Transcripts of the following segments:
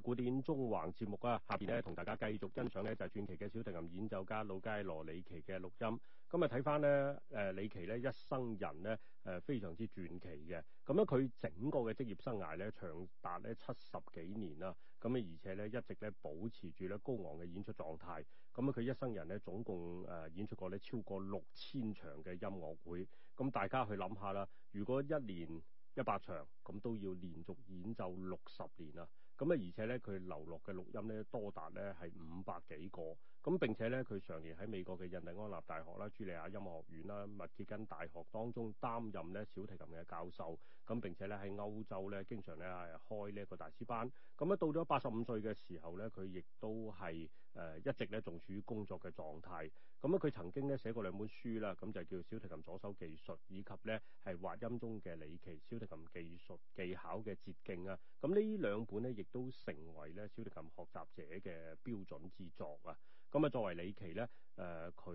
古典縱橫節目啊，下邊咧同大家繼續欣賞咧，就係傳奇嘅小提琴演奏家老街羅里奇嘅錄音。今日睇翻咧，誒、呃、李琦咧一生人咧誒、呃、非常之傳奇嘅。咁樣佢整個嘅職業生涯咧長達咧七十幾年啊。咁啊而且咧一直咧保持住咧高昂嘅演出狀態。咁啊佢一生人咧總共誒演出過咧超過六千場嘅音樂會。咁大家去諗下啦，如果一年一百場，咁都要連續演奏六十年啊！咁咧，而且咧，佢留落嘅錄音咧，多達咧係五百幾個。咁並且咧，佢常年喺美國嘅印第安納大學啦、茱莉亞音樂學院啦、密歇根大學當中擔任咧小提琴嘅教授。咁並且咧喺歐洲咧，經常咧係開呢一個大師班。咁咧到咗八十五歲嘅時候咧，佢亦都係，誒、呃、一直咧仲處於工作嘅狀態，咁啊佢曾經咧寫過兩本書啦，咁、啊、就叫小提琴左手技術，以及咧係滑音中嘅李奇小提琴技術技巧嘅捷徑啊。咁、嗯、呢兩本咧亦都成為咧小提琴學習者嘅標準之作啊。咁啊，作為李琦咧，誒佢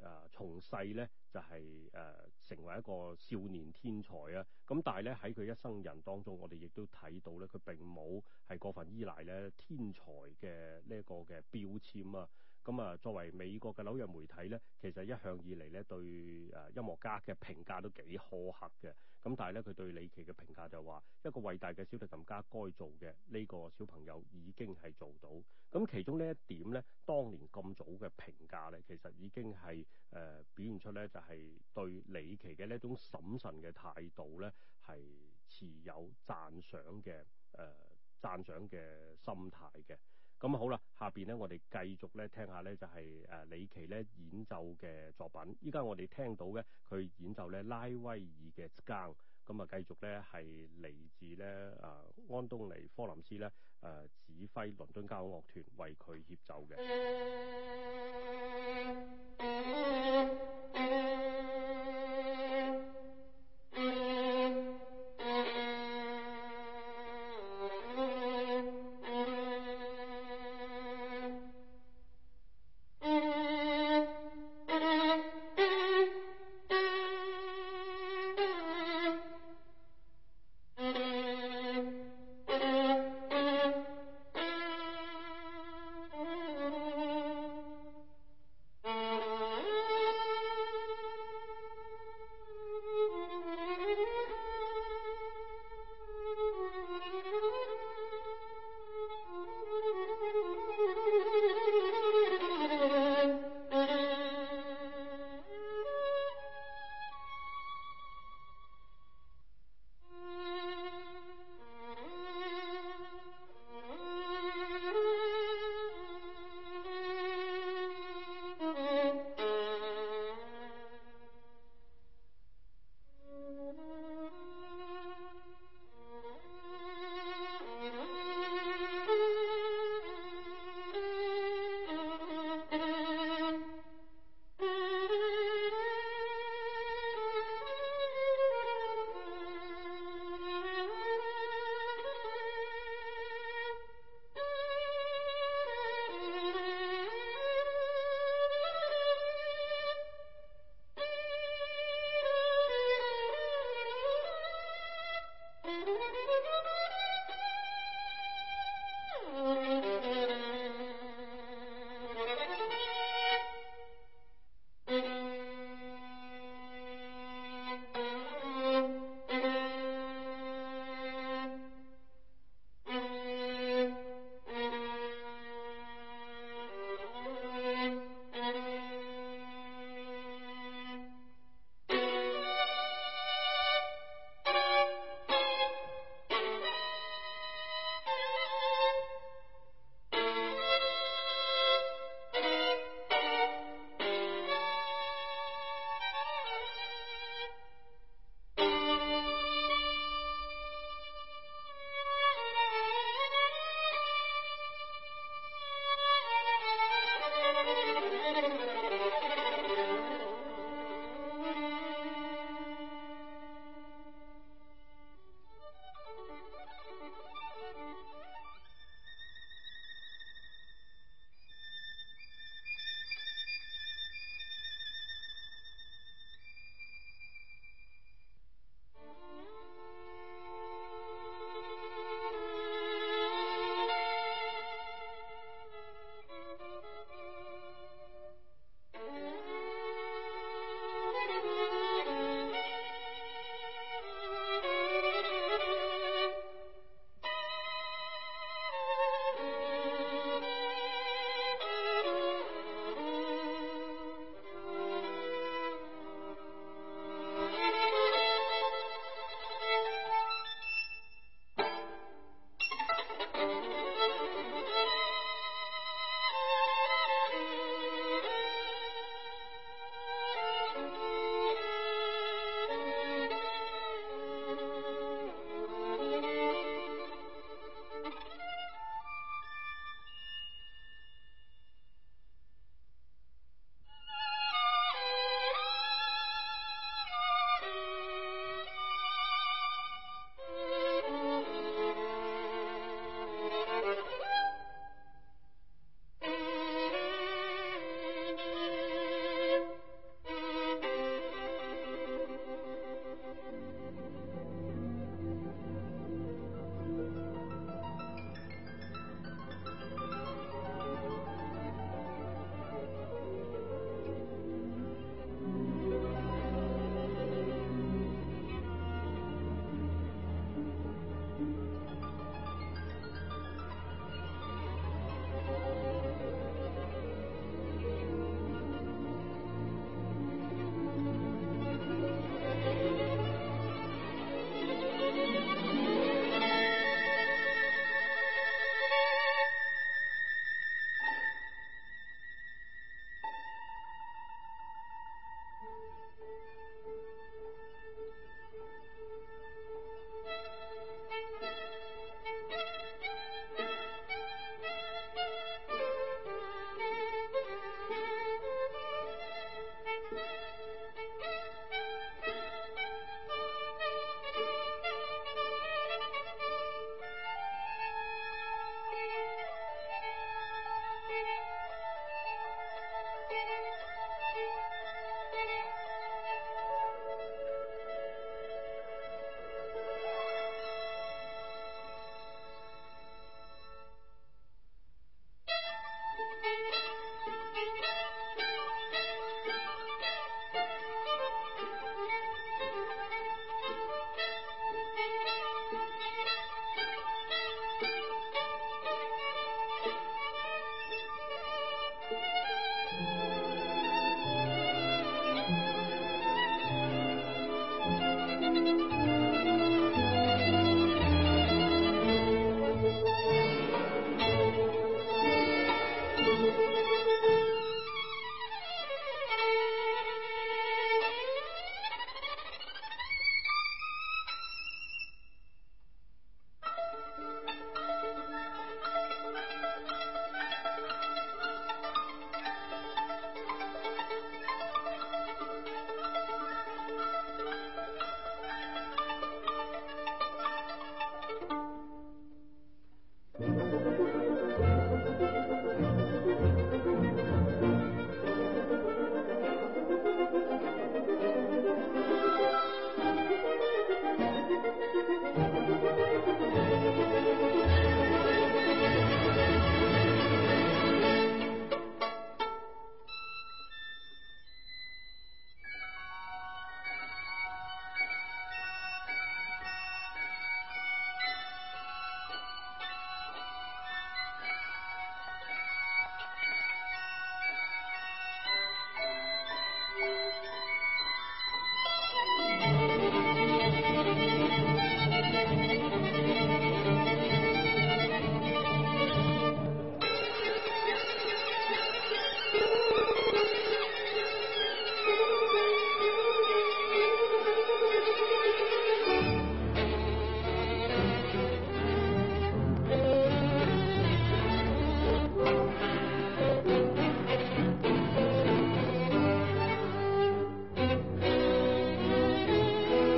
誒從細咧就係、是、誒、呃、成為一個少年天才啊！咁但係咧喺佢一生人當中，我哋亦都睇到咧，佢並冇係過分依賴咧天才嘅呢一個嘅標籤啊！咁啊，作為美國嘅紐約媒體咧，其實一向以嚟咧對誒音樂家嘅評價都幾苛刻嘅。咁但係咧，佢對李琦嘅評價就話一個偉大嘅小提琴家該做嘅呢、呢個小朋友已經係做到。咁其中呢一點咧，當年咁早嘅評價咧，其實已經係誒、呃、表現出咧，就係對李琦嘅呢種審慎嘅態度咧，係持有讚賞嘅誒、呃、讚賞嘅心態嘅。咁、嗯、好啦，下邊咧我哋繼續咧聽下咧就係、是、誒、呃、李琦咧演奏嘅作品。依家我哋聽到嘅佢演奏咧拉威爾嘅《G 鋼》，咁、嗯、啊繼續咧係嚟自咧誒、呃、安東尼科林斯咧誒、呃、指揮倫敦交響樂團為佢協奏嘅。